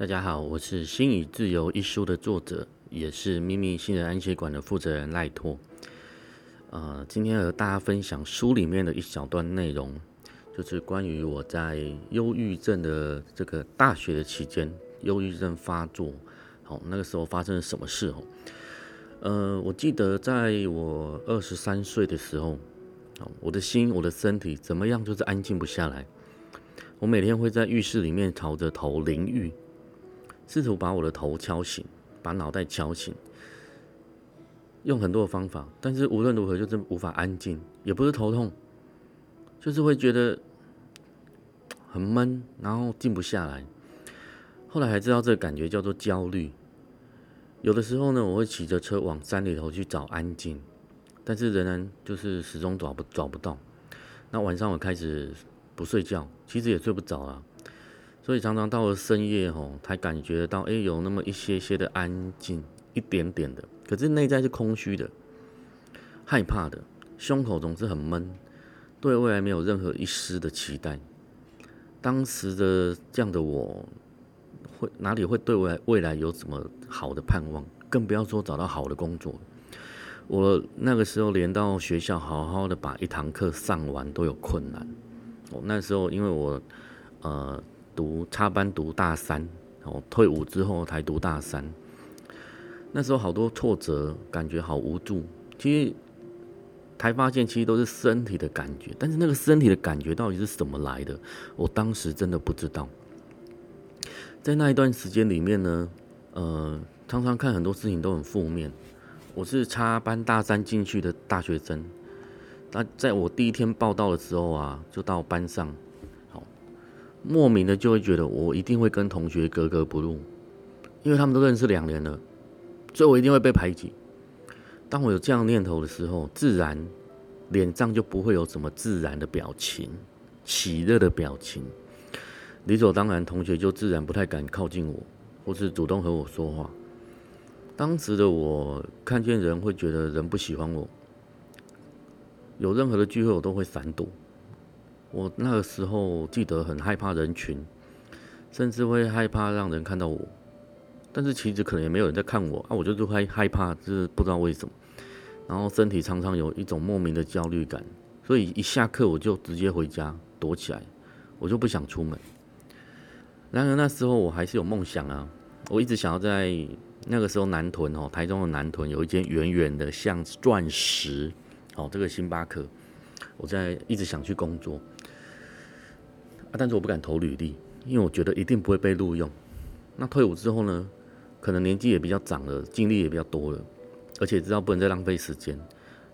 大家好，我是《心已自由》一書的作者，也是祕謐心人安歇館的負責人賴托。呃，今天和大家分享書裡面的一小段內容，就是關於我在憂鬱症的這個大學的期間，憂鬱症發作，好、哦，那個時候發生了什麼事？哦，呃，我記得在我二十三歲的時候，我的心、我的身體怎麼樣，就是安靜不下來。我每天會在浴室裡面朝着頭淋浴。試圖把我的頭敲醒，把腦袋敲醒，用很多的方法，但是無論如何就是無法安靜，也不是頭痛，就是會覺得很悶，然後靜不下來。後來還知道這個感覺叫做焦慮。有的時候呢，我會騎着車往山裡頭去找安靜，但是仍然就是始終找不找不到。那晚上我開始不睡覺，其實也睡不着啊。所以常常到了深夜吼，才感覺到，誒、欸，有那麼一些些的安靜，一點點的。可是內在是空虛的，害怕的，胸口總是很悶，對未來沒有任何一絲的期待。當時的這樣的我，會哪裡會對未來未來有什麼好的盼望？更不要說找到好的工作。我那個時候連到學校好好的把一堂課上完都有困難。我那時候因為我，呃。讀插班讀大三，哦，退伍之後才讀大三。那時候好多挫折，感覺好無助。其實才發現，其實都是身體的感覺。但是那個身體的感覺到底是什麼來的？我當時真的不知道。在那一段時間裡面呢，呃，常常看很多事情都很負面。我是插班大三進去的大學生。那在我第一天報到的時候啊，就到班上。莫名的就會覺得我一定會跟同學格格不入，因為他們都認識兩年了，所以我一定會被排擠。當我有這樣念頭的時候，自然臉上就不會有什麼自然的表情、喜樂的表情，理所當然，同學就自然不太敢靠近我，或是主動和我說話。當時的我看見人會覺得人不喜歡我，有任何的聚會我都會閃躲。我那個時候記得很害怕人群，甚至會害怕讓人看到我。但是其實可能也沒有人在看我啊，我就是害害怕，就是不知道為什麼。然後身體常常有一種莫名的焦慮感，所以一下課我就直接回家躲起來，我就不想出門。然而那時候我還是有夢想啊，我一直想要在那個時候南屯哦，台中的南屯有一間遠遠的像鑽石哦，這個星巴克，我在一直想去工作。啊！但是我不敢投履歷，因為我覺得一定不會被錄用。那退伍之後呢？可能年紀也比較長了，經歷也比較多了，而且知道不能再浪費時間，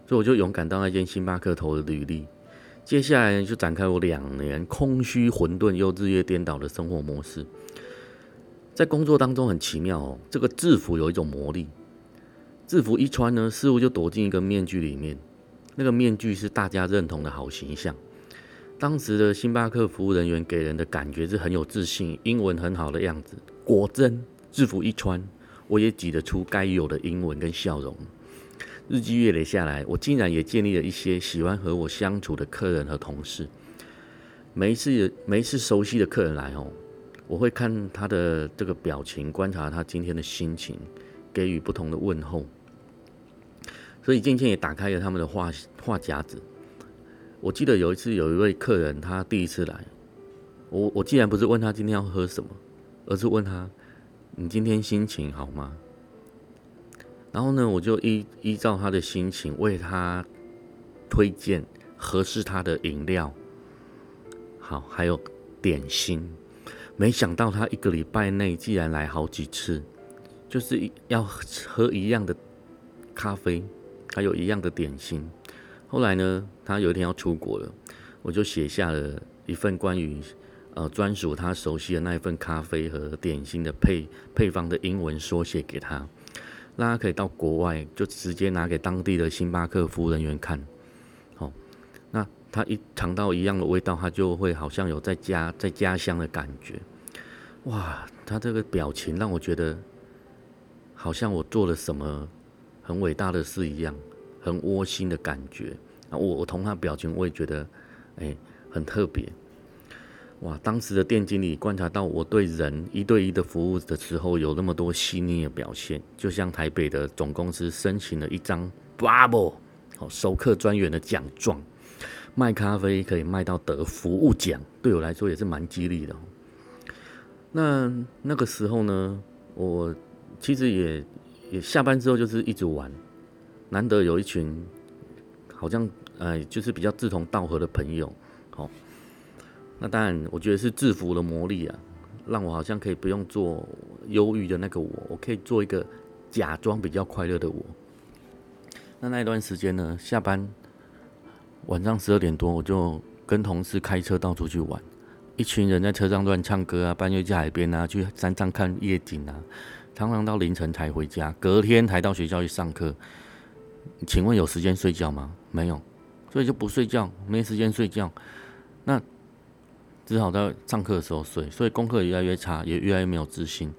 所以我就勇敢到那間星巴克投了履歷。接下來就展開我兩年空虛、混沌又日夜顛倒的生活模式。在工作當中很奇妙哦，這個制服有一種魔力，制服一穿呢，似乎就躲進一個面具裡面，那個面具是大家認同的好形象。當時的星巴克服務人員給人的感覺是很有自信、英文很好的樣子。果真，制服一穿，我也擠得出該有的英文跟笑容。日積月累下來，我竟然也建立了一些喜歡和我相處的客人和同事。每一次、每一次熟悉的客人來哦，我會看他的這個表情，觀察他今天的心情，給予不同的問候。所以漸漸也打開了他們的話話匣子。我記得有一次有一位客人，他第一次來，我我既然，不是問他今天要喝什麼，而是問他，你今天心情好嗎？然後呢，我就依依照他的心情為他推薦合適他的飲料，好，還有點心。沒想到他一個禮拜內竟然來好幾次，就是要喝一樣的咖啡，還有一樣的點心。後來呢，他有一天要出國了，我就寫下了一份關於呃專屬他熟悉的那一份咖啡和點心的配配方的英文縮寫給他，讓他可以到國外就直接拿給當地的星巴克服務人員看。哦。那他一嘗到一樣的味道，他就會好像有在家在家鄉的感覺。哇，他這個表情讓我覺得好像我做了什麼很偉大的事一樣。很窩心的感覺，我我同他表情，我也覺得，哎、欸，很特別。哇！當時的店經理觀察到我對人一對一的服務的時候，有那麼多細膩的表現，就像台北的總公司申請了一張 Bravo 好熟客專員的獎狀，賣咖啡可以賣到得服務獎，對我來說也是蠻激勵的。那那個時候呢，我其實也也下班之後就是一直玩。難得有一群，好像呃、哎，就是比較志同道合的朋友，哦，那當然我覺得是制服的魔力啊，讓我好像可以不用做憂鬱的那個我，我可以做一個假裝比較快樂的我。那那一段時間呢，下班晚上十二點多，我就跟同事開車到處去玩，一群人在車上亂唱歌啊，半夜去海邊啊，去山上看夜景啊，常常到凌晨才回家，隔天才到學校去上課。請問有時間睡覺嗎？沒有，所以就不睡覺，沒時間睡覺，那只好在上課的時候睡，所以功課越來越差，也越來越沒有自信。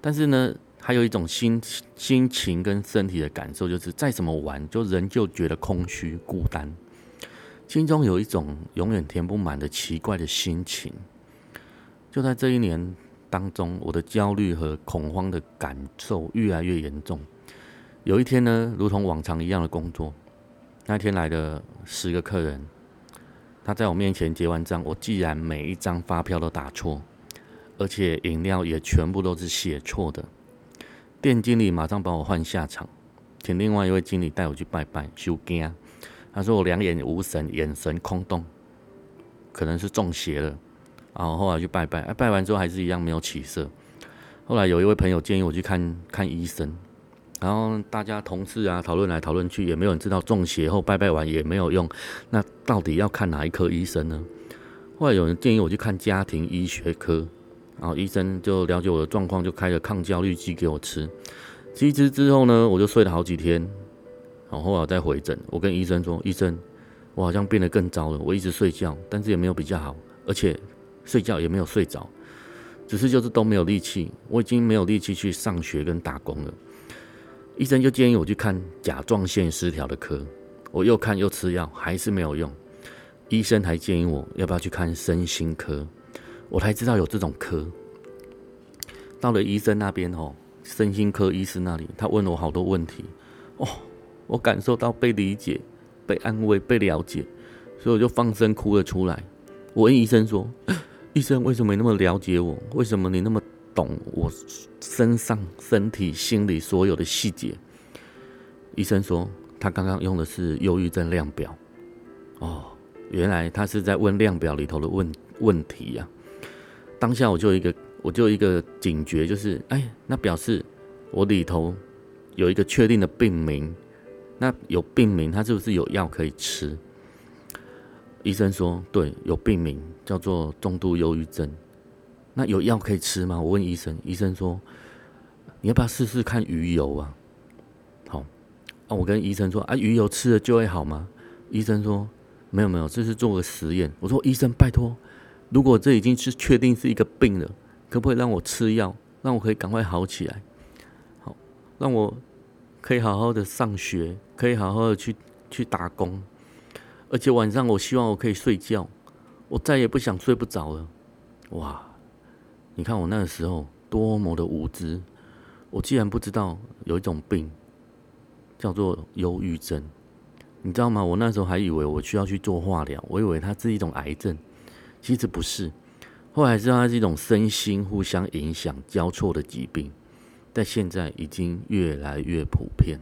但是呢，還有一種心心情跟身體的感受，就是再怎麼玩，就人就覺得空虛孤單，心中有一種永遠填不滿的奇怪的心情。就在這一年當中，我的焦慮和恐慌的感受越來越嚴重。有一天呢，如同往常一樣的工作，那天來了十個客人，他在我面前結完賬，我竟然每一張發票都打錯，而且飲料也全部都是寫錯的，店經理馬上把我換下場，請另外一位經理帶我去拜拜，修根。他說我兩眼無神，眼神空洞，可能是中邪了。然後後來去拜拜，啊，拜完之後還是一樣沒有起色。後來有一位朋友建議我去看看醫生。然後大家同事啊討論來討論去，也沒有人知道中邪後拜拜完也沒有用。那到底要看哪一科醫生呢？後來有人建議我去看家庭醫學科，然後醫生就了解我的狀況，就開了抗焦慮劑給我吃。吃一吃之後呢，我就睡了好幾天。然後後來我再回診，我跟醫生說：“醫生，我好像變得更糟了。我一直睡覺，但是也沒有比較好，而且睡覺也沒有睡着，只是就是都沒有力氣。我已經沒有力氣去上學跟打工了。”醫生就建議我去看甲狀腺失調的科，我又看又吃藥，還是沒有用。醫生還建議我要不要去看身心科，我才知道有這種科。到了醫生那邊哦，身心科醫師那裡，他問我好多問題，哦，我感受到被理解、被安慰、被了解，所以我就放聲哭了出來。我問醫生說：“醫生，為什麼你那麼了解我？為什麼你那麼？”懂我身上、身體、心裡所有的細節。醫生說，他剛剛用的是憂鬱症量表。哦，原來他是在問量表裡頭的問問題呀、啊。當下我就一個，我就一個警覺，就是，哎，那表示我裡頭有一個確定的病名。那有病名，他是不是有藥可以吃？醫生說，對，有病名，叫做重度憂鬱症。那有藥可以吃嗎？我問醫生，醫生說：“你要不要試試看魚油啊？”好，啊，我跟醫生說：“啊，魚油吃了就會好嗎？”醫生說：“沒有沒有，這是做個實驗。”我說：“醫生，拜托，如果這已經是確定是一個病了，可不可以讓我吃藥，讓我可以趕快好起來？好，讓我可以好好的上學，可以好好的去去打工，而且晚上我希望我可以睡覺，我再也不想睡不着了。”哇！你看我那個時候多麼的無知，我竟然不知道有一種病叫做憂鬱症，你知道嗎？我那時候還以為我需要去做化療，我以為它是一種癌症，其實不是。後來知道它是一種身心互相影響交錯的疾病，但現在已經越來越普遍。